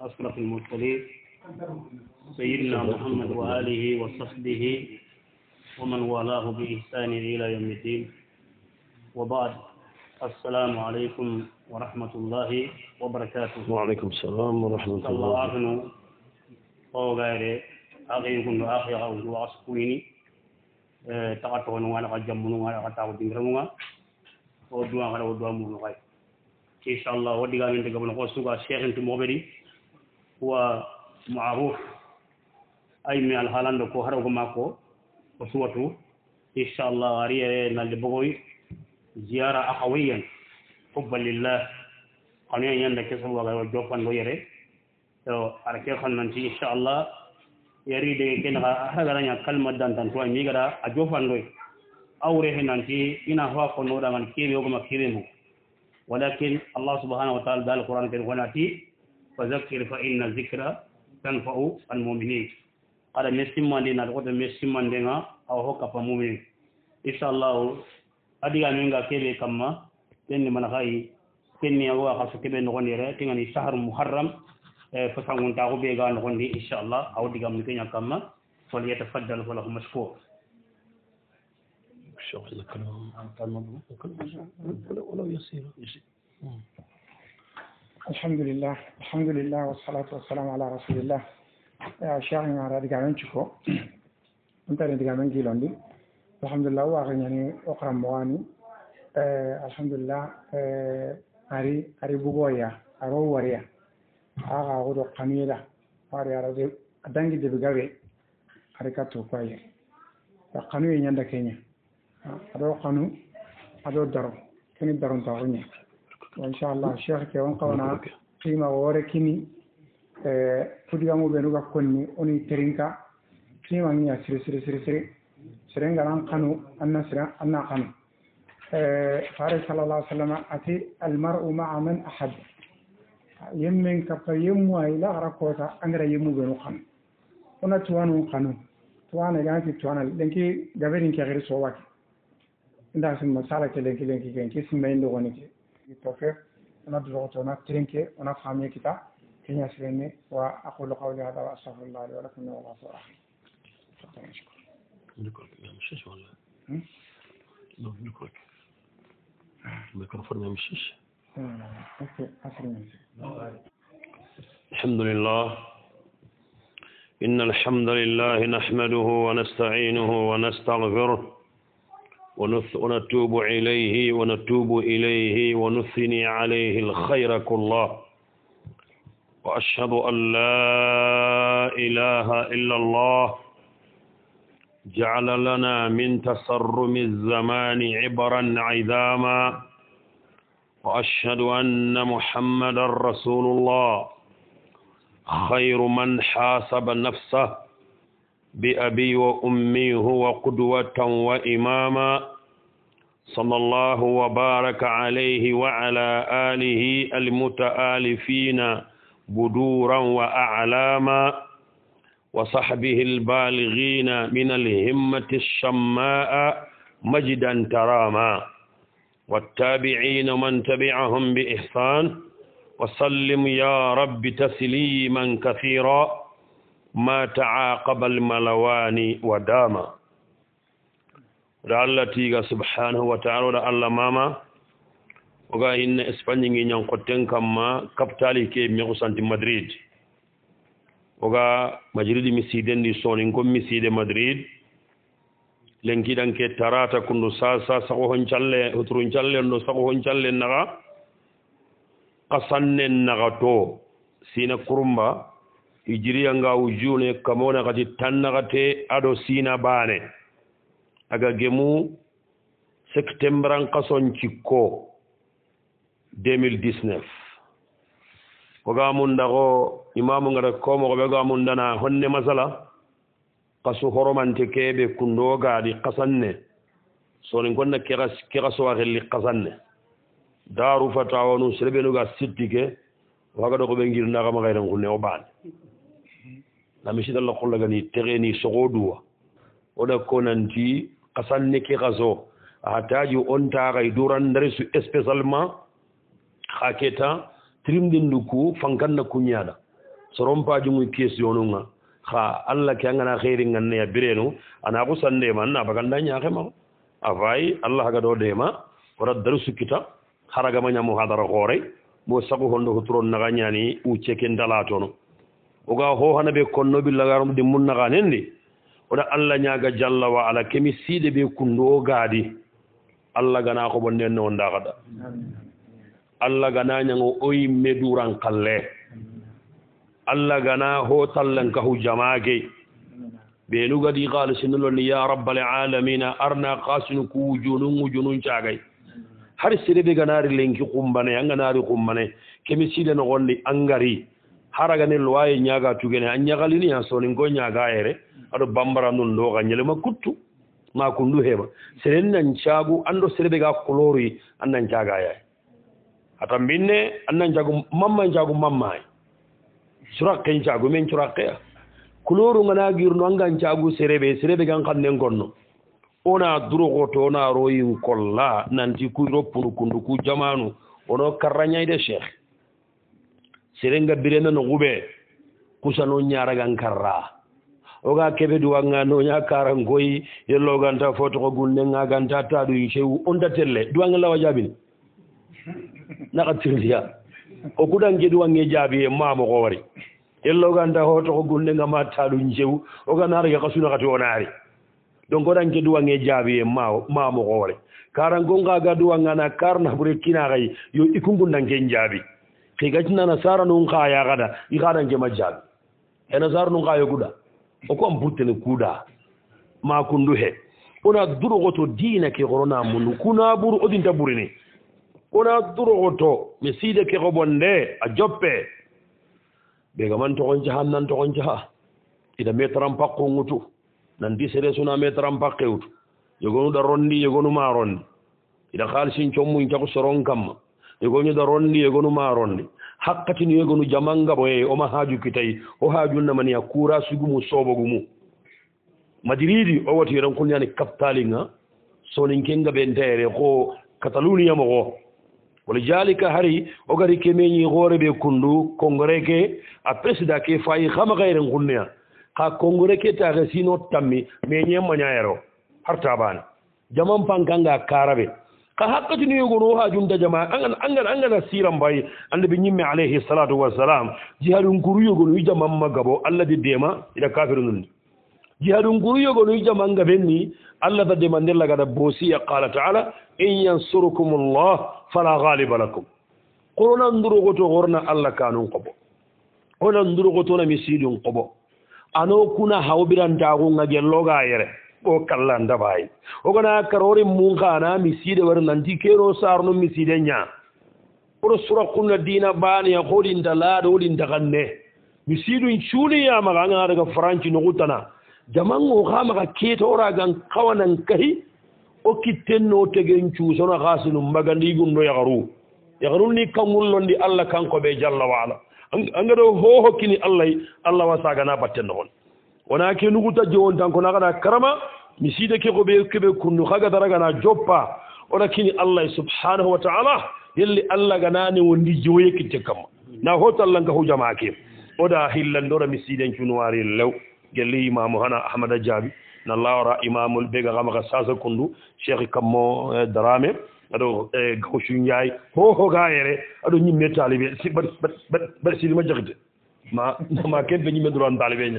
أشرف المرسلين سيدنا محمد وآله وصحبه ومن والاه بإحسان إلى يوم الدين وبعد السلام عليكم ورحمة الله وبركاته وعليكم السلام ورحمة الله وبركاته وغير أغيكم أخي أو أسكويني تغطون وانا جمون وانا تغطون رمونا ودوان غير ودوان مونغاي إن شاء الله ودقا من تقبل قوسوك الشيخ انتم مغبرين huwa ma'ruf ay mi alhalando ko harago mako o suwatu inchallah ari e nalde bogoy ziyara ahawiyan hubba lillah kono e ñande kesol waga o jopango yere o ara ke kon nanti inchallah yaride ken ha haragaraña kalma dantan to a migara a jofandoy awre he nanti ina howa konnoɗagan keɓe ogoma keɓe mum walakin allah subhanahu wa taala da alquran ken wonati فذكر فإن الذكرى تنفع المؤمنين قال ميسي من دينا قد ميسي من دينا أو هو كفا مؤمنين إن شاء الله أدي أن ينجا كيبي كما تنين من خاي تنين يغوى خاصة كيبي نغن يرى تنين شهر محرم آه، فسنغن تاغو بيغا نغن دي إن شاء الله أو ديغا مكينا كما فليتفضل فله مشكور شوف لك انا عم تعمل ولو يصير يصير alxamdulilah alxamdulilah wasalaatu wasalaamu calaa rasuulillah shaacin aan adigaamen jiko intaan adigaamen giilondi alxamdulilah u aqriñani u alxamdulilah ari ari bugoya aro wariya aqaaqudo qamiyada ari arade adangi debigabe ari ka tuukwaya kenya adoo ah, qanu adoo daro kani daron وإن شاء الله الشيخ كيوان قونا قيمة ووركيني آه، فدقامو بينوغا كوني وني ترينكا قيمة نيا سري سري سري سري سرين غران قنو أنا سرين أنا قنو آه، فارس صلى الله عليه وسلم أتي المرء مع من أحد يمين كفا يمو إلى غرقوتا أنغرا يمو بينو قن ونا توانو قنو توانا جانتي توانا لنكي غبرين كغير سواكي ndax ma sala ke lenki lenki lenki ke ci may ndo woni ci التوفيق ندرج غطونا ترينكي ونفهم يكتا كنيا سلمي وأقول قولي هذا وأستغفر الله لي ولكم من الله سوى أخي شكرا شكرا نعم، مشيش ولا نعم، لو بيكوك الميكروفون ما مشيش الحمد لله إن الحمد لله نحمده ونستعينه ونستغفره ونتوب إليه ونتوب إليه ونثني عليه الخير كله وأشهد أن لا إله إلا الله جعل لنا من تسرم الزمان عبرا عذاما وأشهد أن محمدا رسول الله خير من حاسب نفسه بأبي وأمي هو قدوة وإماما صلى الله وبارك عليه وعلى آله المتآلفين بدورا وأعلاما وصحبه البالغين من الهمة الشماء مجدا تراما والتابعين من تبعهم بإحسان وسلم يا رب تسليما كثيرا ma taaqaba almalawani wa daama oɗa allah tiiga subhanahu wa taala oɗa allah mama oga inna espagne gi ñankotten kam ma kaptali ke mexu santi madrid oga madrid mi sidendi sonin kom mi siide madrid lenkiɗanke tarata kundu sa sa sago hon calle hoturun callen ɗo sago hon callen naxa qasannen naxa to sina kurumba hijiriya ngawu june kamona kati tannakate aɗo sina baane aga gemu septembre an kason cikko 2019 koga mundako imamu ngata komokoɓe ga mundana honne masala kasu horomante keɓe kundogaaɗi kasanne soni gonna kera sowahelli kasanne daru fatawonu sereɓenuga sittike waga ɗo koɓe girnakamakayren kunne o baane na misi da lokolo gani tereni sogo duwa oda konanti kasanne ke kaso a taji on ta kai duran dare su especialement haketa trimdin duku fankan na kunyada soronpa ji mu kesi onunga ha Allah ke ngana khairi ngane ya birenu ana ko sande man na baganda nya khema avai Allah ga do dema wara darusu kita haraga ma nya mu hadara gore mo sabu hondo ko turon na ganyani u cheke ndala tono oga hohana ɓe konno lagarum de munnakanen ndi oɗa allah ñaaga jalla wa'ala ala kemi siiɗe ɓe kundu gaadi allah gana ko bon nden noon allah gana ñango o yimme duran kalle allah gana ho tallan kahu ke ɓeenu gadi haalisinulonni ya rabbal alamina arna kasinu ku wujunun wujunun caagay har sire ɓe ganaari lenki kumbane an ganaari kumbane kemi siiɗe nogonɗi angari haragani lowaye ñaaga tugene an ñagalini han sonin go ñaaga ere aɗo bambara nun ndoga ñalema kuttu ma kun ndu heɓa senen nan caagu anndo serebe ga coloruy an nan caaga yaay ata mbinne an nan caagu mamma caagu mamma ay curakke caagu min curakkea coloru ngana girno angan caagu serebe serebe gan kan nen gonno ona durogo to ona royin kolla nanti ku roppunu kundu ku jamanu ono karrañayde cheikh serenga birena no ŋuɓe kusano ñaaragan karra oga keɓe duwanga noña karankoyi yellooganta fotoko gunnengaganta taaɗu sewu onda telle duwange lawa jaabini naka tirliya e o kuɗanke duwange jaabiye maamoxoowari yellooganta hotoko gunnenga ma taaɗu sewu oganaarake xa sunakati onaari donc oɗanke duwange jaabiye maamoxoowari karankonkaga duwanga na karnaɓure kinaxayi yo ikungunnanken jaabi kegati na nasara nun ka yagada i kada njema jabi e nasara nun ka yoguda o ko mburtene kuda ma kundu he una durogoto dina ke gorona mundu kuna buru odinta burini una durogoto me side ke gobonde a joppe be gaman to gonja han nan to gonja ida metram pakko ngutu nan di sere suna metram pakke ut yogonu da rondi yogonu ma rondi ida khalsin chomu in chako soron kamma yegonñoda ronndi yegonuma ronndi hakkatino yegonu jamanga ɓo yeey oma haajuki tawi ho haajunnamani a kura sugu mum soobogu mum madiridi o woti tan kolñani kaptalinga sonin kenga ɓe ntere ko kataloniyama ko wala jalika hari o gari kemeñi hoore ɓe kundu congré ke a présida ke fayi hama hayren kunneya ha congré ke taxe sino tammi meñemmañayero har tabani jaman pankanga karaɓe ko haqqatinoyogo no ha junda jama angana angana angana siram mbay annde ɓe ñimmi alayhi salatu wassalam jihaɗum goruyogo no wija mamma gabo allah de dema iɗa kafiru nonni jihaɗum goruyogo no wija manga fenni allah da dema ndella gaɗa boosiya qala taala in yansurukum llah fala haliba lakum kononanduroko to horna allah kanun koɓo kononanduroko tona mi siɗum koɓo ano kuna hawɓirantagunga gellogayere o kalla dabaay ogona karoore muhana mi siide war nanti keero saar noon mi siide ña oro sura kunna diina baaniya hooli nda laaɗo holi nda kan ne mi siiɗum cuuniyamaka anga daga franci nokutana jamango hamaka keetoragan kawanan kahi okkittenno tegen cuusono haasinu mbagandiigunno yakaru yakarun ni kanngullondi allah kanko ɓe jallawaala angaɗo hohokkini allah allah wa saganaa batten no on ona ke nugu ta jewon tan ko nagana karama mi sida ke ko ɓe keɓe kunnu haga daragana joppa ona kini allah subhanahu wa taala yelli allah ganani wondi jewoye kitte kamma na hoto allah hu hujama ke oɗa hillande oɗa mi siiden wari law gelli imam hana ahmad ajabi na lawra imamul bega kama ka sasa kundu sheikh kammo darame aɗo gawsu ndiaye hoho ga yere aɗo ñimme talibe mbaɗa silima jahde ما كيف بني مدران طالبين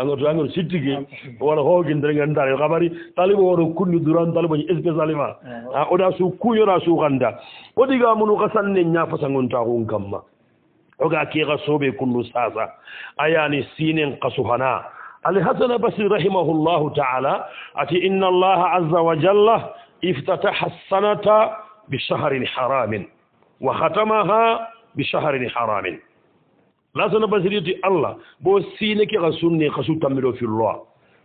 أنغور أنغور شتيكي وانا هو كندر عن طالب قبالي طالب وانا كل مدران طالب بني إسبي سالما أودا سو كوي ولا سو غندا ودي كامونو كسان نينيا فسانغون تاهون كم ما أوكا كي غصوب كل مستازا أياني سينين قصوهنا الحسن بس رحمه الله تعالى أتي إن الله عز وجل افتتح السنة بشهر حرام وختمها بشهر حرام lasana basiriti allah bo sine ke xa sunne xasu tammiɗo filloa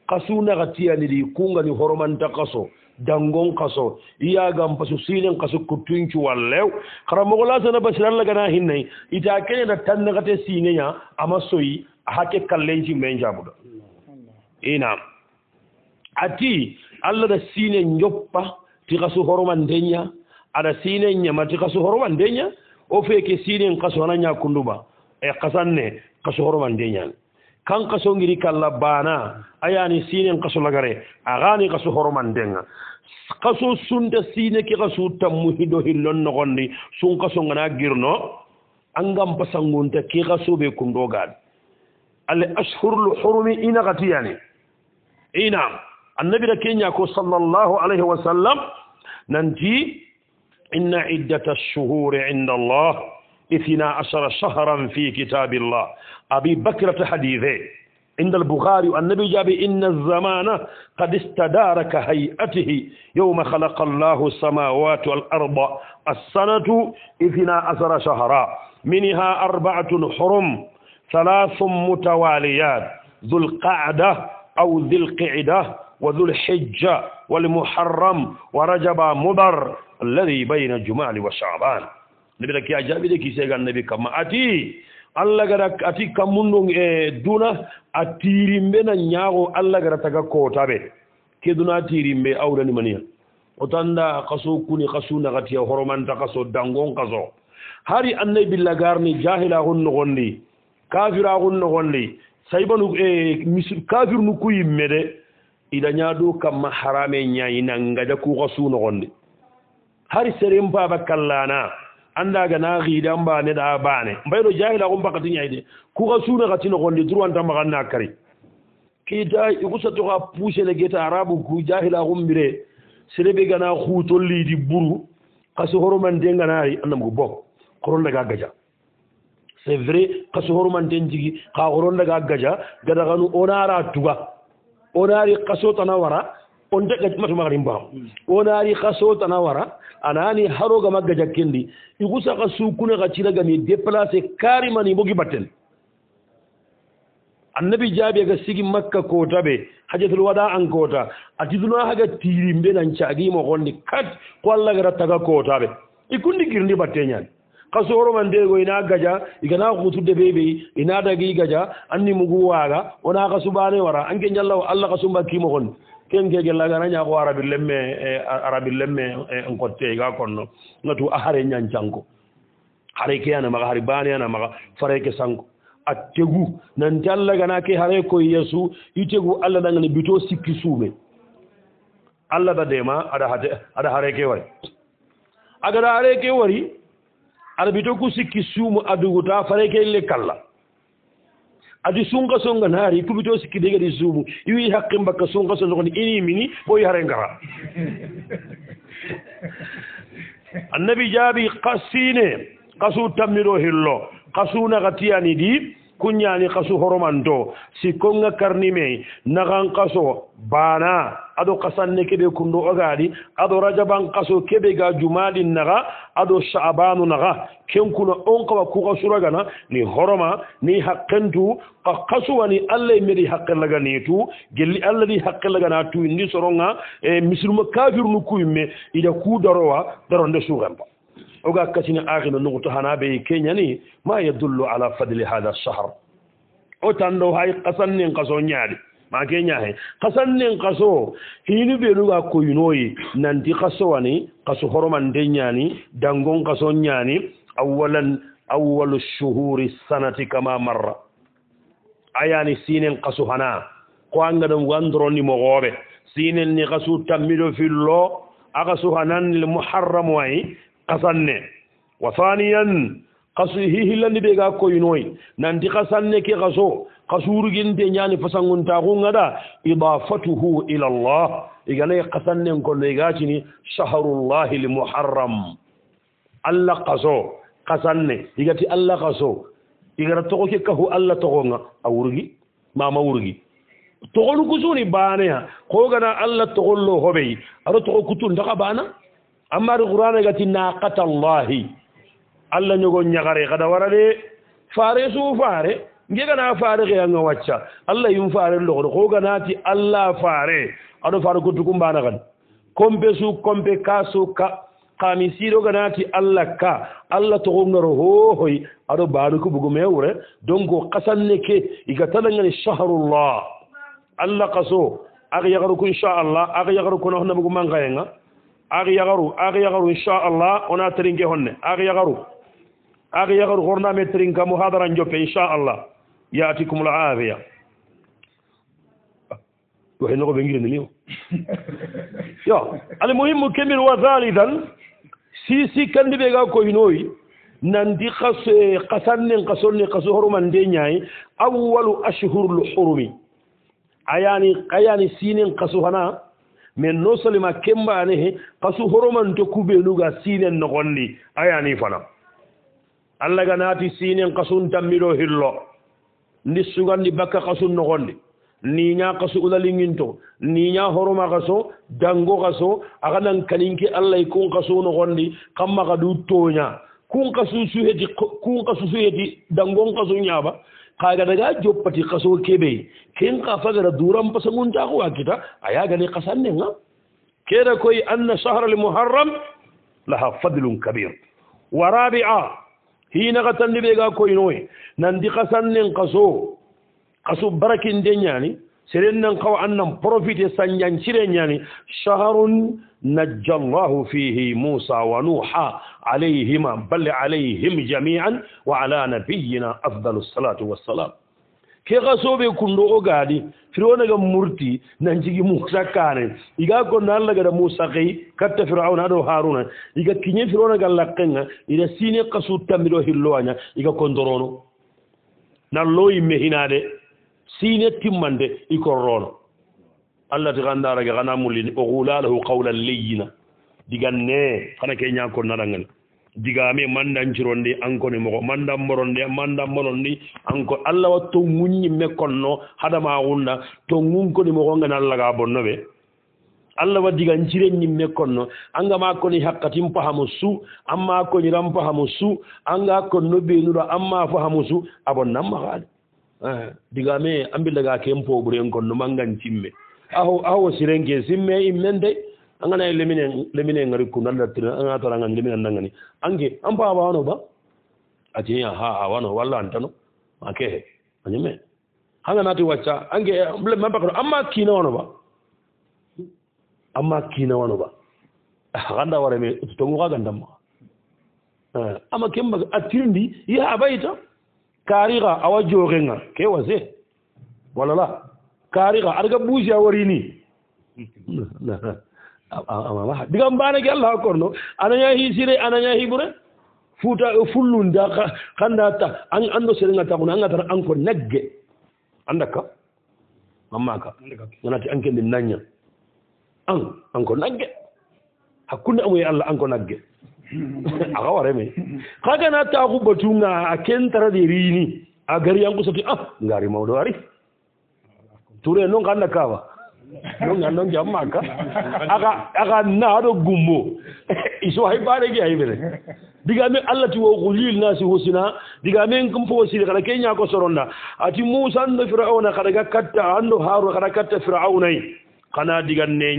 xasu naxa tiyanidi kungani horomanta xaso dangon kaso iya gam pasu sinin kaso kutunci wallew mo la sana basira Allah gana hinnai ita kene na tan na sine nya ama soyi hake kallenci men jabuda ina ati Allah da sine nyoppa ti kaso horoman denya ada sine nya mati kaso horoman denya o sine sinen nanya kunduba e kasanne kaso kan kaso ngiri bana ayani sinen kaso lagare agani kaso horomandenga kaso sunta sine ke kaso tammu hido hillon nogondi sun kaso ngana girno angam pasangunta ke kaso be kundo gad al ashhurul hurumi ina gatiyani ina annabi da kenya ko sallallahu alaihi wasallam nanti inna iddatash shuhuri inda allah اثنا عشر شهرا في كتاب الله أبي بكر حديثه عند البخاري والنبي جاب إن الزمان قد استدار كهيئته يوم خلق الله السماوات والأرض السنة اثنا عشر شهرا منها أربعة حرم ثلاث متواليات ذو القعدة أو ذي القعدة وذو الحجة والمحرم ورجب مضر الذي بين جمال وشعبان nebi da kiya de kisee gan nebi kamma ati allah gara ati kammundun e eh, duna a tiirimbe na nyago allah gara taga kootaɓe ke duna tiirimbe awranimaniya o tanda kaso kuni kasu horoman ta qaso dangon qaso hari annay jahila hun jahilaxun kafira hun noxondi saybanu e eh, kafir nu kuy mede de ida ñaado kamma harame ñayi ngada ku kasu noxondi hari seren paba kallana anda gana xiidan baane da baane mbayno jahilaxum bakatiñayde kuxa suuna xa tinoxondi turwantamaxan na kari kiita ixusatoxa puusene geta arabu ku jahilaxum mbire serebe gana xuutolliidi buru xasi horomanten ganaari andamugu bo xoron daga gaja c'est vrai xasi horomanten jigi xa xoron daga gaja gadaxanu onara tuga onari tana wara on daga mato magarim baam wonaari hasoot ana wara anaani haroga magga jakkendi igusaka sukuna ka ciragami déplacé karimani mbogi batten annabi jaabi aga sigi makka koota ɓe hajatul waɗa an koota a tiduna haga tiiri mbe nan caagiimo honni kat ko allah gara taga koota ɓe i kundi girndi batteñaani kasoroman ndego ina gaja igana hutudde ɓe ɓey ina dagi gaja anni mugu waaga wona kasuɓaane wara anke ñallaw allah kasumba kiimo honni ken keke lagananya ko arabi lemme e, arabi lemme e, nkotte e ga konno natu ahare nyanchanko hare ke ana maga hare bani ana maga fare ke sanko attegu nan jalla gana ke hare ko yesu itegu alla dangane bito sikki sume alla ba dema ada hade ada hare ke wari agada hare ke wari arabi to ku sikki sumu adugu ta fare ke le kala adi sunga sunga naari kubito sikki degadi suumu iwi haqqi mbakka sunga so nogoni ini mini ɓoyi hare ngara annabi jaabi qassiine qasu tammiro hillo qasuunaka tiyani ɗi kuñaani kasu horomanto si konga karnime nagan kaso baana aɗo kasanne keɓe kundo ogaaɗi aɗo rajaban kaso keɓe ga jumaɗin naga aɗo sha'abanu naga kenkuna on kawa kuka suragana ni horoma ni haqqentu ka kasuwani allah e meɗi haqqellaganitu gelli allah ɗi haqqellagana tuindi soronga e misilma kafirnu kuyimme ida kuu darowa daronde suuren ba أقول كسين آخر النقطة هنا بي كينياني ما يدل على فضل هذا الشهر أتان لو هاي قصن ينقصون يعني ما كينيا هي قصن ينقصو هي نبيلو كوينوي ننتي قصواني قصو خرمان دينياني دانقون قصون يعني أولا أول الشهور السنة كما مر أياني سين قصو هنا قوان قدم واندروني مغوبة سين نقصو تمدو في الله أقصو هنان المحرم وعي kasanne wa thaniyan kasu hihillandi ɓe ga koynoyi nanti kasanne ke kaso kasuruginte ñani fasanguntaxungaɗa idafatuhu ila llah iganayi kasannen kollo igatini shaharullahi lmuharram allah kaso kasanne igati allah kaso igata toxo ke kahu allah toxonga a wurgi mama wurgi toxonu kusuni baneya kogana allah toxollo hoɓey aɗo toxo kutu ndaxa baana. ammaɗo qurana gati naqata llahi allah ñogo ñagare kada wara de faare su faare ngegana faare xeyanga wacca allah yum faare loxoɗo ko ganati allah faare aɗo faare kottuku mbana kan compe su compe ka su ka kami siɗo ganati allah ka allah toxongaro hohoy aɗo baanu ku bugu me wure donc kasanne ke iga talangani chahrullah allah kaso axa yaxaru ku inchallah axa yaxaru konaxnabugu manxayenga aga yagaru aga yagaru inchallah wona trinke honne aga yagaru aga yagaru horname trinka mo hadaran joppe inchallah yatikum laafia wahinogo ɓe girinde mio yo almuhimu kemin wa halitan sisi kandi ɓe ga koynoyi nandi kasannen kasonni kaso horumande ñayi awalu ashhurul hurumi ayani ayani sinin kaso hana mais non seulement kembaani he pasu horomanto kuɓenuga siinen nogonndi ayani fana allah ga naati siinen kasun tammiɗo hillo ndi sugandi bakka kasun nogonndi niña kasu ulalinginto niña horoma kaso dango kaso aganan kaninke allahy kun kasu nogonndi kammaka du toña kun kasu suheti kun kasu suheti dangon kasu ñaaba kaga daga joppati kaso kebe ken ka fagara duran pasangun ta ko akita aya gane kasan ne nga kera koy anna shahra al muharram laha fadlun kabir wa rabi'a hina gatan dibe ga koy noy nan di kasan ne kaso kaso barakin denyani seren nan an nan profite sanyan cire yani shaharun najjallahu fihi Musa wa Nuha alayhima bal alaihim jami'an wa ala nabiyyina afdalu salatu wassalam ke ka soɓe kundo o gaadi fironaga murti nan jigi musa kane iga gonna allah gada musa key katta firauna aɗo haruna iga kiñe fironaga lakkenga ida sine kasu tammiɗo hilloaña iga kondorono nan lo yimme siine timmande ikorroono allah ti ganndaa rage xana mullini o xuula lahu qawlan leyyina diganne xana ke ñaakon naɗangani digaame mandancironi ankoni moxo mandanmoronde mandanmoronni anko allah wa tonguñimme konno hadama xunna tongunkoni moxongene allaga bonno ɓe allah wa diganciranñimme konno angama koni hakkatin pahamo su anma koniran pahamo su anga konno ɓeenura anma fahamo su abonnan maxaade Eh, diga mi ambillega ke pobren kon no mangan timme aho aho sirenke simme e immen de angana e lemine lemine ngari ku nanda tir anga to ranga lemine nangani ange ampa ba wano ba ati ya ha ha wano walla antano make anime hanga nati wacha ange mbe mbaka amma kina wano ba amma kina wano ba ah, ganda wara me to ngoga ganda ma eh, amma kemba atirndi ya abaita kaariga awa jooxenga ke wase walala kaariga adga buusi a warini digam mbaanake allah hakkorno anaña hisire anaña hiɓure fuuta e fullunda xannda ta an anndo serenga taxuna angatara anko nagge andakka mammaaka ganati an kende nagña an anko nagge hakkunde amuye allah anko nagge A wara me kaga na ta ku batu nga a kentara deeri rini a gari yan kusa ti ah ngari mawdo ari ture non kan kawa non nan non jamma ka a aga na do gumbo iso hay bare gi hay bere diga men allah ti wo qulil nasi husna diga men kum fo si kala kenya ko soronda ati musa no fir'auna kada katta ando haru kada katta fir'aunai kana diga ne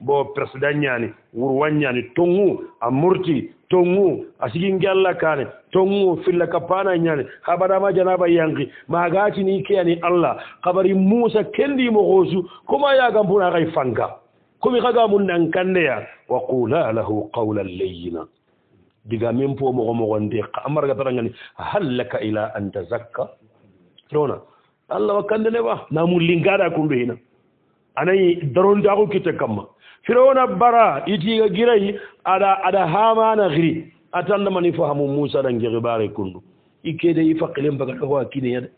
bo president ñani wur ñani tongu a murti tongu a sigin gella kane tongu filla kapana ñani ma janaba yanki magatini keyani allah habari musa kendi kendimo kuma ya yagampuna kai fanka komi kaga mun nan ya wa qula lahu qawlan layyina diga min po amar ga tan ngani halaka ila an tazakka rona allah wa ne ba namu lingada kundu hina anayi darondaku kitte kamma firawna bara itiiga girayi aɗa aɗa haamaana xiri a tandamani fo hamu muusa ɗan jeki ɓaare kundu i keede i faqilen baga ɗoho a kineya de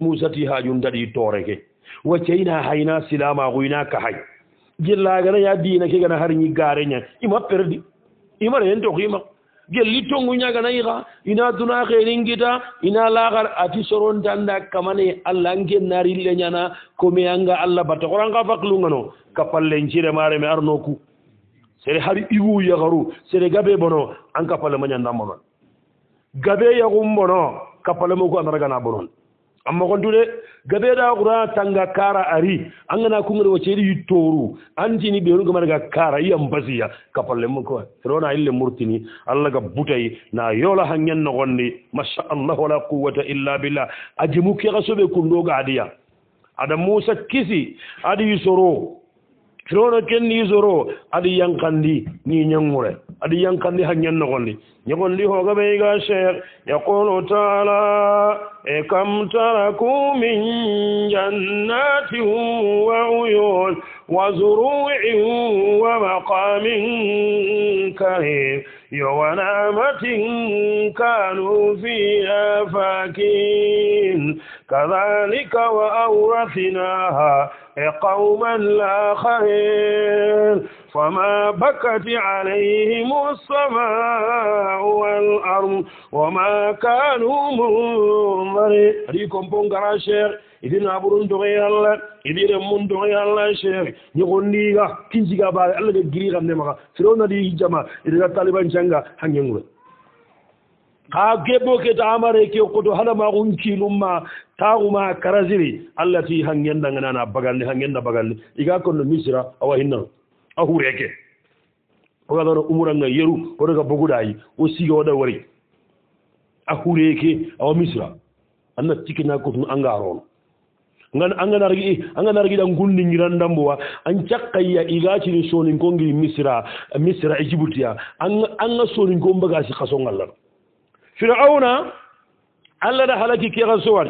muusa ti haajum daɗi tooreke wacce ina hayna silamaaxu ina kahay jillaagana ya diina ke gana hariñi gaareña ima perdi ima reentoxiima gelli tonguñaganayixa ina duna xeeningita ina laaxar ati sorontannda kamane allah n kennaari leñana komeyannga allah batoxoranga faqilungano kapalle ncire mare me arno ku sere hari igu yagaru gabe bono an kapalle mañanda bonon gabe yagum bono kapalle moku anaragana bonon amma kontude gabe da qura tanga kara ari an gana kun da wace yi toru an ji ni kaara gamar ga kara yan basiya kafalle mun ko ille murtini Allah ga butai na yoola hanyen na gonni masha Allah la quwwata illa billah ajimu ki gaso be kun do ga adiya ada Musa kisi adi soro hirono kenni isoro aɗa yankandi ni ñangure aɗa yankandi ha ñannogondi ñogondi hogaɓeyga sheikh yaqulu taala e kam taraku min jannatin wa uyun wa zuruin wa maqamin karim yo wanamatin kanu fiha fakin kadhalika wa aurathinaha قوما آخرين فما بكت عليهم السماء والأرض وما كانوا منظرين ريكم بونغرا شير idin aburun doge yalla idin mun doge yalla sheikh ni gondi ga kinjiga ba Allah ga giri gamne maka sirona di jama idin taliban janga hangen ngure haa geboke to amareke koto hanama unki lumma taguma karasiri allah ti han genda ganana bagalni han genda bagalni iga konno misra awa hinnano a hureke ogadono umuranga yeru kotoka bogudayi o siga waɗa wari a hureke awa misra anna tikina kotun angaron anga nargiɗa gulningirandambowa an cakkayya igacini soninkongiri misra misra e jibutiya anga soninkon bagasi kasongallano فرعون الله ده هلكي كي غسوان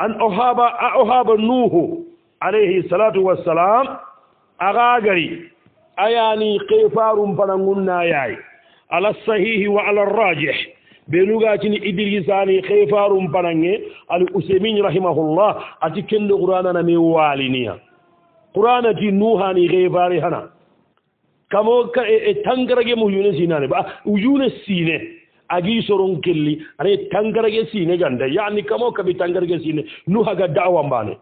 أن أهاب أهاب نوح عليه الصلاة والسلام أغاغري أياني قفار فنغن ناياي على الصحيح وعلى الراجح بنوغاتين إدريساني قفار فنغن على أسمين رحمه الله أتي كند قرآن نمي والينيا قرآن تي نوحاني قفاري هنا كمو كتنقرق مهيون سيناني يونس سيناني agii soron kelli aɗa tangarage siine gannde yaani kamo kaɓi tangarage siine nu haga da'wa mbaane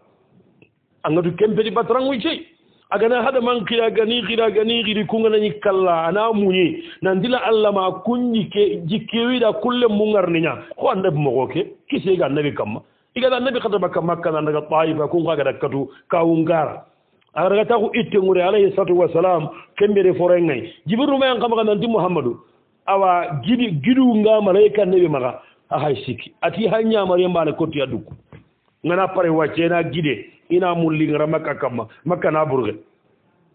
angatu kempeti batran wicey agana haɗa man xira gani xira gani xiri kunganani kalla ana muñi nandila allah ma kunñike jikkewiɗa kulle mungarniña ko annabi mogo ke kiseega annabi kamma igata annabi xatama kamma kana ndaga taifa kun xa gada katu kawungara agaragataku ittengure alayhi ssalatu wasalam kemmbere forenngay jibirnumayan xamaxa nanti mouhamadou awa giɗi giɗu ngamaray kan neɓe maka a hay sikki ati ha ñamare mbane kottoya dukku ngana pare wacce na giɗe ina mulligara makka kamma makka na bourge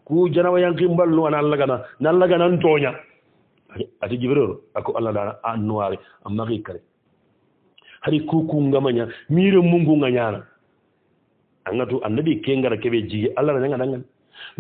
ku janawa yanki mballu ana lagana na lagana n tooña ati jibrero ako allah dana a noire a maki kare hay kuku ngamaña mire mungu ngañana angatu annabi ke ngara keɓe jigi allah nañanga nangani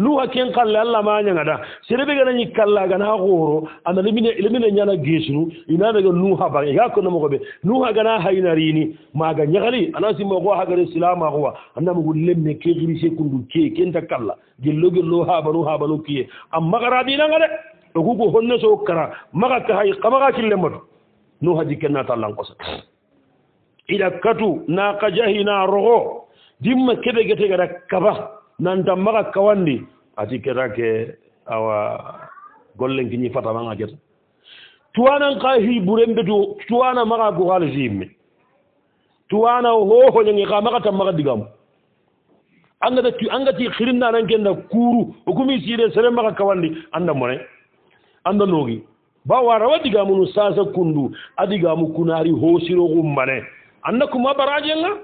lu hakken kalle allah mañagada sereɓeganañi kallagana hooro anaelemine ñana gesuru inaɓega nu haba yakonamogoɓe nu hagana haynarini maga ñagali ana simmago hagare silamagowa annamago lemme ke grise kundu ke kenta kalla gello gello habanu habanu kiye ammagaraɓinaga de okugo e honneso kara maga kahay kamaga killembatu nu haji kennatallan kosa iɗa katu naka jahina rogo dimma keɓe getegada kaba nantan maxa kawandi ati keta ke awa gollenki ñifatamanga jeta tuwana ka hiburen ɓe tuwana maxa goxale fimme tuwana hoxoñange xa maxatan maxa digamu angata angati xirin nanankenna kuru o kumi sire sere maxa kawandi anda mone anda noogi bawa rawa digamunu sasa kundu a digamu kunari hosiroxumbane anna kuma baradienga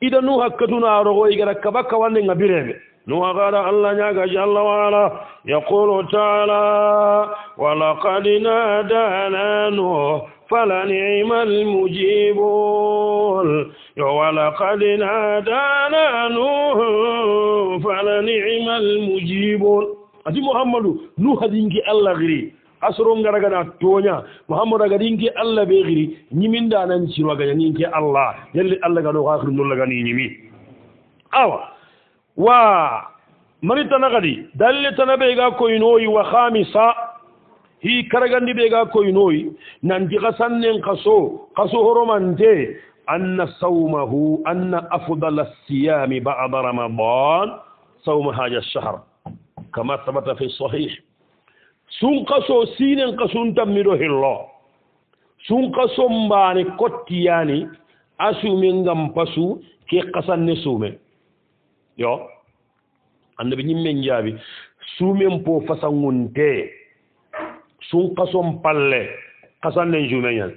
ida nu hakkatuna roxo i gara kaba kawandenga bireɓe نوغر الله جاك جل وعلا يقول تعالى ولقد نادانا نوح فلنعم المجيبون ولقد نادانا نوح فلنعم المجيبون أتي محمد نوح دينك الله غري أسرم غرغنا تونيا محمد غرينك الله بغري نيمين دانا نشيرو غرينك الله يلي الله غنو آخر نولغاني نيمي أوه و مري تنغدي دل تنبيغا كوينوي وخامسا هي كرغان دي بيغا كوينوي ناندي غسان نين قصو قصو هرومان دي أن صومه أن أفضل الصيام بعد رمضان صوم هذا الشهر كما ثبت في الصحيح سون قصو سينن قصون تمره الله سون قصو مباني كتياني أسو من غمبسو كي قصن نسومه yo annabi ñimmen njaabi suumen po façon ŋun te sun kason palle kasan nen suume ñan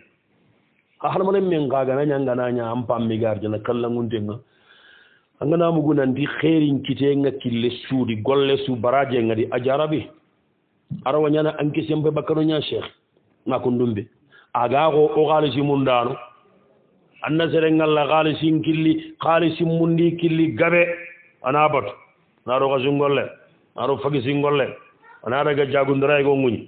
a halmanen men kaagana ñangana ña an pammi gardiana kalla ŋuntenga a ngana mugu nanti xeerin kiteenga kille suudi golle su barajengadi a jarabi arawa ñana an kesen pe bakkano ña cheikh na ko ndumbe aga ko o xaalisi mun daano annasere ngalla xaalisin killi xaalisin mundi killi gabe ana abat ana aɗo kasi ngolle ana aɗo fagisi ngolle ana aɗaga jagudara ko e nguñi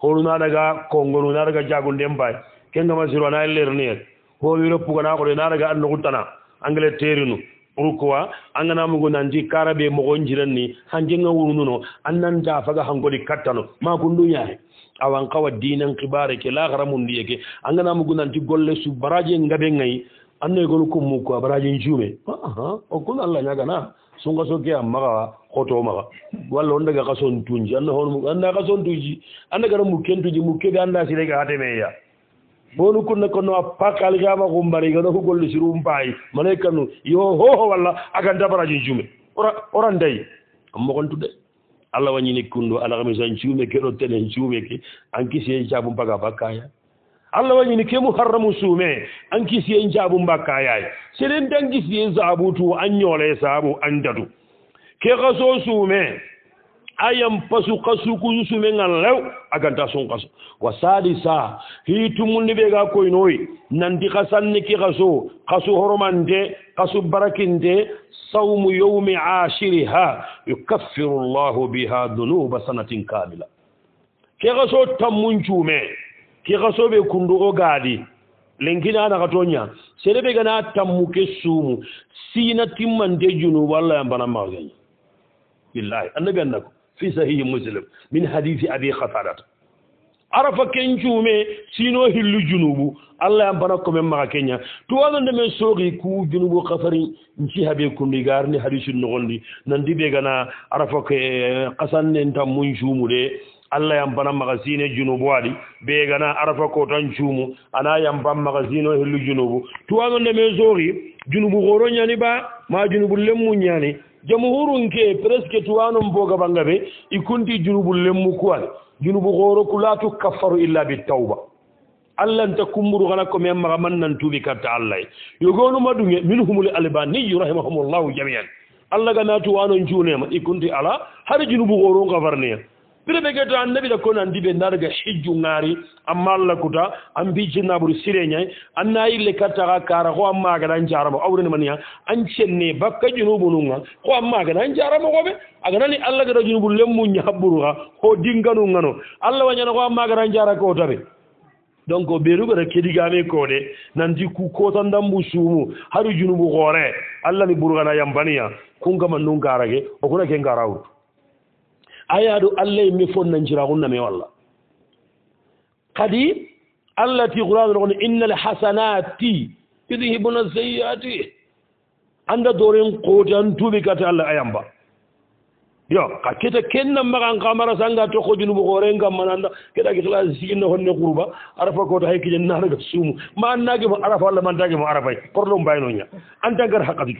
howru na aɗaga kongonu na aɗaga jagudem bay kengama sir ana lernie howi roppuga na koɗo na aɗaga anna huttana engrais terinu pourquoi anganamugo nanti karaɓe mogo jiran ni han jenga wurununo annan jafaga hankodi kattano ma kon ɗu yaahe awan kawa dinan kibare ke lahara mum ndiye ke anganamugo nanti golle su baraje ngaɓe gayi annoy gono kummu ko baraje jume o kon allah ñagana sunga so kea maxa xoto maxa walla on daga xa son tunji anna hon anna xa son tunji anna gara mu ken tunji mu kebe anna sirega xa teme ya bonu kunna konno a pak alixama xu mbari gana xu golle sirum paayi manae kanu yo xooxo walla a gan tabaraji jume ora ndey a moxontu de allah wañini kundo alaxamisan cuume ke ɗo tene cuume ke an kisee cabum paga pakkaya allah wañi ni kemu harramu suume an kiisi en jaabu mbakkayaay seɗen dan kiisi en saabu tu an ñoole saabu an datu ke kasoo suume ayam pasu kasuku suume ngal lew a ganta sun kaso wa saadi saa hii tumundi ɓee ga koynoyi nandi ka sanni ki kaso kasu horomante kasu barakinte sawmu yowmi aachiriha yukaffiru llahu biha dunuba sanatin kamila ke kaso tammun cuume kiga soɓe kundu o gaadi lenkinana ka toña sereɓe gana tammu ke suumu siina timmante junuba allah yambana maogeña billahi annabi anna ko fi sahihi muslim min hadisi abi hasadata arafa kencuume siino hillu junubu allah yambana ko men maga keña tuwaɗonde men sooki ku junubu kasari nciha ɓe kundi gaarni hadisi nogondi nandi ɓe gana arafa ke kasannen tammun cuumu ɗe allah yampana magasine junubu waɗi ɓe arafa ko tan cuumu ana yampan magasine o hellu junubu tuwagonde me soori junubu horo ñani ba ma junubu lemmu ñani jamhurun ke presque tuwanon bogabanga ɓe i kunti junubu lemmu kuwan junubu ku la kaffaru illa bi tawba allah nta kummuru gana ko men maga man nan tuuɓi katta allah yogonuma ɗuge min humul albaniyu rahimahumullahu jamian allah gana tuwanon cuunema i kunti ala haɗa junubu horo ngafarneya pirebe ge to annabi ɗa kono anndi ɓe narga hijju ŋaari amma allah kuta an mbi jinnaɓuru siré ñay annayi le kattaka kara ho an magata an jarama awrene maniya an cenne bakka junubu nun ŋa ho an magata an jarama koɓe aga nani allah gata junubu lembu ñaɓɓuru ha ho dinganu ŋano allah wañana ho an magata an jara ko taɓe donc ɓeeruɓeta kedigame kooɗe nanti ku kotandambu suumu haɗu junubu hoore allah mi ɓurganayam baniya kunkama nun karake okuna ke ngara wurtu ayaadu allah mi fon nanciraxunna me walla kadi allah ti qurano noxono inna l hasanati idhibuna seyyati anda doren qooti an tuubi kate allah ayamba yo ka keta kenna maxan xamara sanga toxojunubu xoorengammananda keta gixla sikinna honne xurba arafa koota hay kije naraga suumu ma annagemo arafa allah mantagemo arafay porlom bayino ña antangar xaqa fik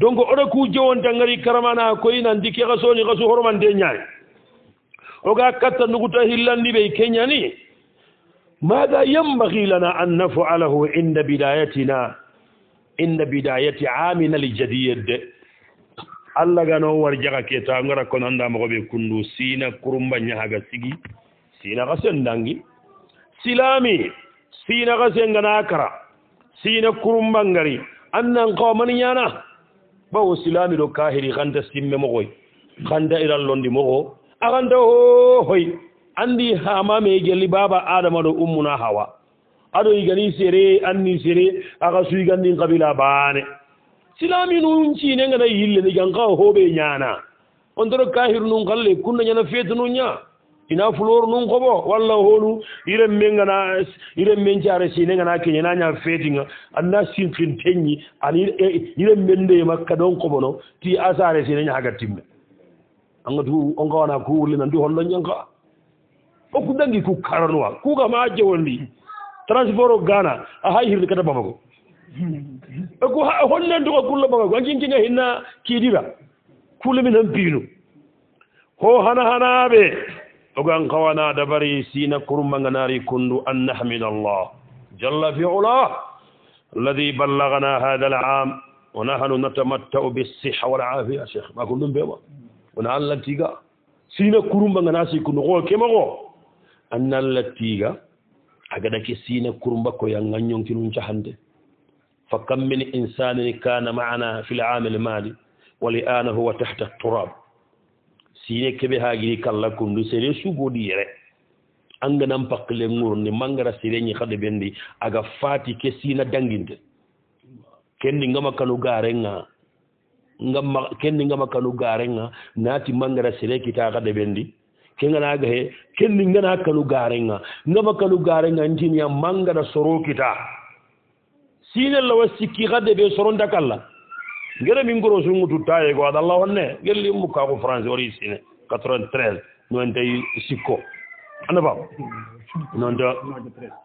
donc oɗo ku jewontangari karamana koyi nandi ke kasoni kasu horomande ñayi oga katta nuguta hillandi ɓey keñani maga yambagi lana an nafalahu inda bidayatina inda bidayati amina aljadiyedde allah gano war jaga ke ta ngara kono anda mogo ɓe kundu sina kurumba ñahaga sigi sina ka sendangi silami sina ka sengana kara sina kurumba ngari annan kawmani ñana ɓawo silaami ɗo kaahiri ganda simme mogoy ganda irallonndi mogo aganda ho hoy anndi haamameegelli baaba adama ɗo ummuna hawa aɗo yigani sere anni sere aka suyganndi kabila baane silaami nun ciinenga nayi yille ndi jan ka hooɓe ñaana on toro kaahiru nun kalle kunna ñana feetu nun ñaa ina fuloor nun koɓo walla holu irem men gana irem men jare sine gana keñe naña feetinga anna sinkin teñi an e, irem men nde makka ɗon koɓono ti asare sine ñahaga timme angatu onka wana ku wullina ndi holla ñanka okku dangi ku karanwa kuga ma jewondi transport o gana a hay hirde kata babago eko hollentuko kulla bagago ankinkinga hinna kiidira kulla minan piinu ho hana hanaaɓe ogan kawana dabari sina kurmanganari kundu an nahmida allah jalla fi ula الذي بلغنا هذا العام ونحن نتمتع بالصحة والعافية شيخ ما كنا بيما ونحن لتيغا سينا كرم بنا سي غو كما غو أن لتيغا هكذا كي سينا كرم بكو ينغن ينكي ننجحند فكم من إنسان كان معنا في العام المالي والآن هو تحت التراب sine keɓe haagiri kalla kondu sere sugoɗire anganan pakkile ngurni mangara sireñi haɗe ɓenndi aga faati ke sina danguinte kenndi ngama kanu garenga ngama kenndi ngama kanu garenga naati mangara sere kita haɗe ɓenndi kenganaga he kenndi ngana kanu garenga ngama kanu garenga ntiniya mangara soro kita sinallawa sikki haɗe ɓe sorontakalla ngere min goro sungu tutta e go adalla wonne gelli mukka ko france ori sine 93 non tay sikko ana ba non da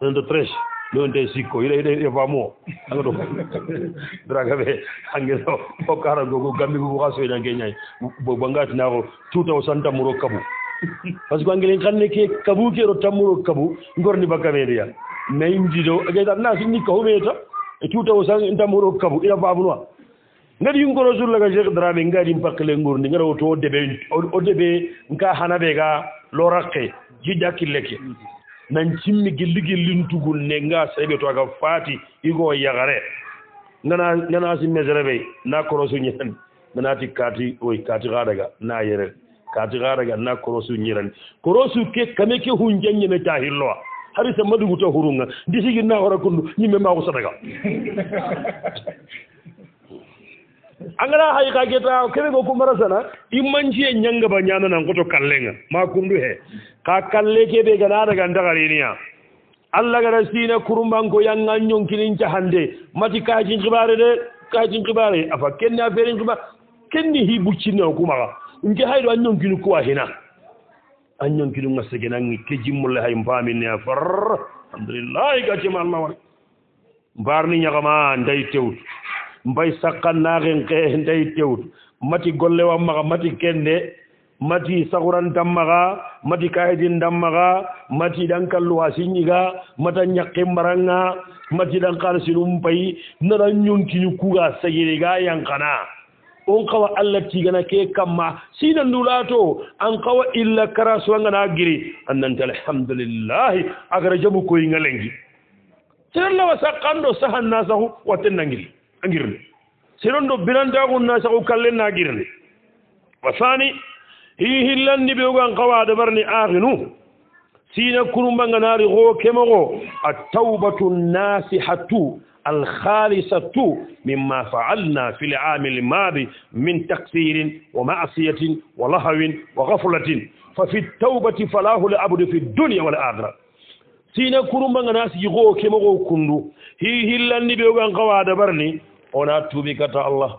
non da tres non da sikko ile ile e famo anga do draga be ange do o kara go go gambi go kaso ina genya bo bangati na ko tuta o santa muro kabu parce que angelen kanne ke kabu ke ro tamuro kabu ngorni bakame dia mais imdi do ga na sinni ko be to e tuta o santa muro kabu ina babu no ngadi yungoro jour laga jeg draɓe ngadi mbakkale ngurdi ngara woto o deɓe o deɓe ka hanaɓe ga lorakke jiɗa killeke nan cimmi gelligi lintugol ne nga sayɓe to aga faati igo yagare ngana si mesre ɓe na korosu ñirani nganati kati oy kati haɗaga na yere kati haɗaga na korosu ñirani korosu ke kame ke hun jangñeme ta hilloa hari sa madugu ta huruga ndisigi na hora kondu ñimme maku saɗaga angara hay ka geta kebe go kumara sana imanji e nyanga ba nyana nan goto kallenga ma kundu he ka kalle kebe ga nada ga ndaga riniya alla ga rasina kurumban go yanga nyon kinin ta hande mati ka jin kibare de ka jin kibare afa kenna berin kuma kenni hi buccina go kumara nge haydo an nyon kinu ko hina an nyon kinu ngasse gena ngi kejim mulle hay mbami ne far alhamdulillah ga jema mawar mbarni nyaga ma ndaytewu mbay sakka naaxin ke ndey tewut mati golle wa maga mati kende mati sahuran dammaga mati kaidin dammaga mati dankal luwa sinyiga mata nyakke maranga mati dankal silum pay nara nyun ki ñu kuga sayire ga yang kana on kawa alla ti gana ke kamma sina ndulato an kawa illa karaswa ngana giri annan tal alhamdulillah agara jamu koy ngalengi tirla wa saqando sahan nasahu wa tinangili angirni sinon do binantaxunna saxu kallen na girni wa sani hii hillandi ɓeogan xawada barni axinu sina kurumbanga naari xoo kemoxo a taubatu nasihatu الخالصة مما فعلنا في العام الماضي من تقصير ومعصية ولهو وغفلة ففي التوبة فلاه العبد في الدنيا والآخرة siina kurumbangana sigo kemogo kundu hi hillanni ɓe ogan kawa dabarni ona tuubi kata allah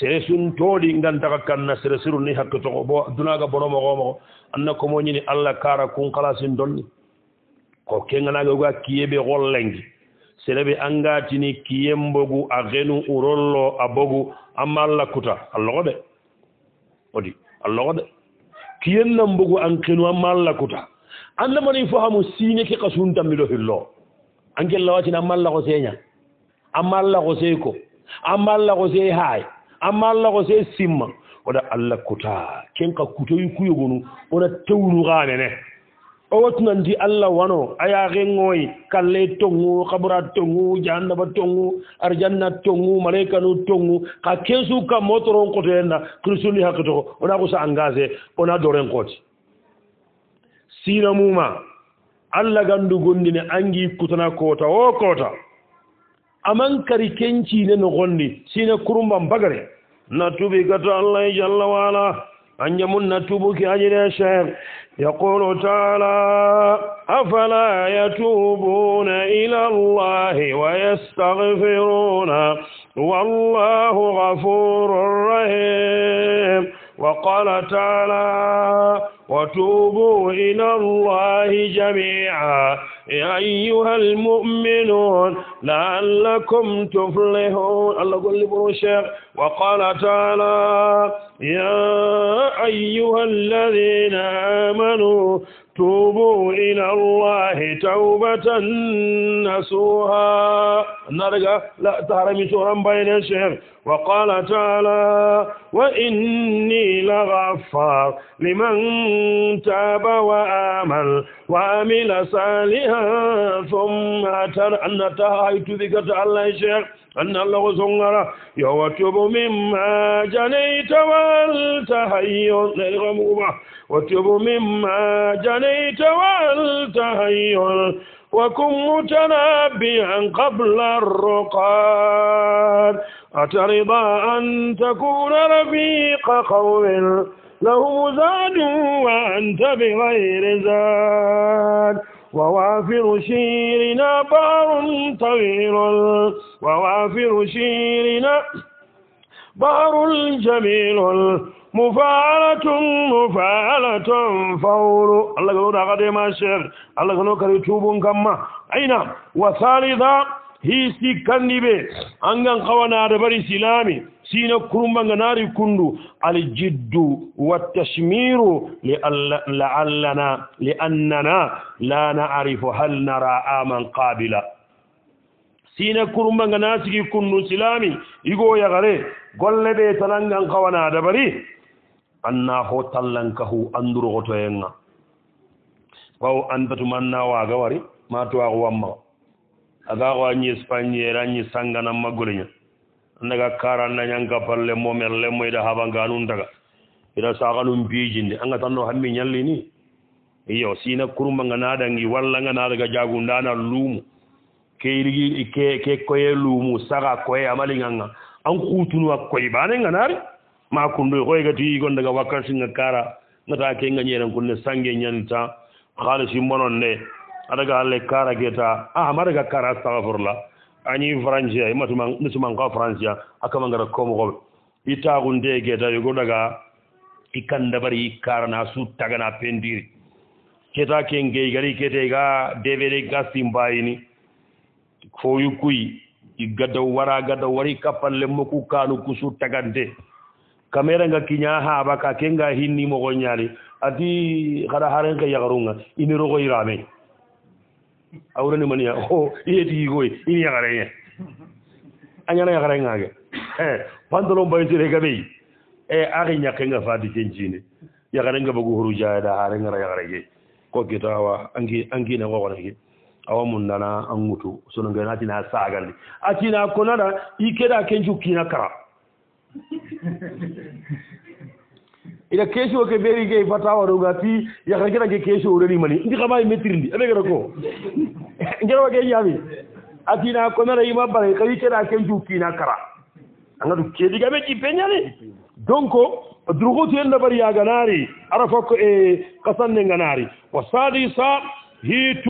sere sun tooɗi ngantaka kanna sere siru ni hakke toko bo dunaga bonomogomogo anna ko moñini allah kara kun kala sin donni ko kenganage oga kiyeɓe gollengi sereɓe angatini kiyen mbogu a genu urollo a bogu amma allah kuta allogoɓe odi allogoɓe kiyen nan mbogu an kenu amma allah kuta annda mono fof hamo siine ke ka sun dammbiɗo hilloo angella waati amma allah ko seeña amma allah ko see ko amma allah ko see haay amma allah ko see simma oɗa allah kutaa ken ka kutoyi kuyogonu ona tewnu kaanene o wattunandi allah wano ayaa xengooyi kalle tongu xabura tongu jahannaba tongu arjanna tongu malaika nu tongu xa keesu kammo toron xotoyenna christu ni hakkitoxo ona xusa engagé ona doren xooti sina muma alla gandu gondine angi kutana kota o kota aman kari ne no gondi sina kurumba bagare tubi gata allah jalla wala أنجم نتوبك أجر الشيخ يقول تعالى أفلا يتوبون إلى الله ويستغفرون والله غفور رحيم وقال تعالى وتوبوا إلى الله جميعا يا أيها المؤمنون لعلكم تفلحون الله قل لبروشيخ وقال تعالى يا أيها الذين آمنوا توبوا إلى الله توبة نسوها نرجع لا تهرمي شهرا بين الشهر وقال تعالى وإني لغفار لمن تاب وآمل وعمل صالحا ثم أتر أن تهيت ذكر الله الشهر أن الله زنغرا يوتب مما جنيت والتهي للغمومة وتب مما جنيت والتهي وكن متنبيا قبل الرقاد أترضى أن تكون رفيق قوم له زاد وأنت بغير زاد ووافر شيرنا بار طويل ووافر شيرنا بار جميل mufalatun mufalatun fauru Allah ga da gade ma shekh Allah ga lokari tubun kamma aina wa salida hi si kandibe angan kawana da bari silami sina kurumbanga nari kundu aljiddu watashmiru liallana liannana la naarifu hal nara aman qabila sina kurumbanga nasigi kundu silami igo yagare golle ɓe tanangan kawana dabari annaho tallankahu anndurogo to hen ŋa waw anbatuma annawaaga wari ma tuwaako wammaa agaako a ñi spagne yeere a ñi sanganamma goleña annaga karanna ñankapalle momerle mo ida habanga nuntaga ida saakanum piijindi anga tanno hammi ñalli ni iyo sina kurma nga naɗangi walla nga naataga jagundana luumu keyrigi ke ke koye luumu saga koye amalinganga an kuutunu a koye baane nga naari Ah, ma kundu koy gati gon daga wakkati nga kara nata ke nga nyeran kunne sange nyanta khalisi monon ne adaga ale kara geta ah maraga kara astaghfirullah ani france ay matuma nisuma ko franjia akama ngara komo ita gunde geta yugo daga ikanda bari na su tagana pendiri keta ke nge gari kete ga devere ga simbayini ko yukui igada wara gada wari kapalle moku kanu kusu tagande kamera nga kiña haaɓa ka oh, eh, eh, ke nga hinnimoxoñaani ati xaɗa haren ke yaxarunga ini roxoyiramey a wurani mania o iyeti yigoy ini yaxareye a ñana yaxarengaage pantalon bayisire gaɓey e a xi ñakkenga fati cencine yaxarenga bogu horu jayada harengara yaxarege ko kita awa angine xoxonege awa mundana a ŋutu sonongenatina sagalli atina konaɗa i keɗa kencu kina kara ila kesho ke beri ge fatawa do gati ya kagira ge kesho ureri mani ndi kama imetirindi abe gara ko ngira wa ge yabi atina ko mera yima bare kali kera ke juki na kara anga du ke diga be jipenya ne donc drugo tiyen da bari ya ganari arafa ko e kasan ne ganari wasadi sa hitu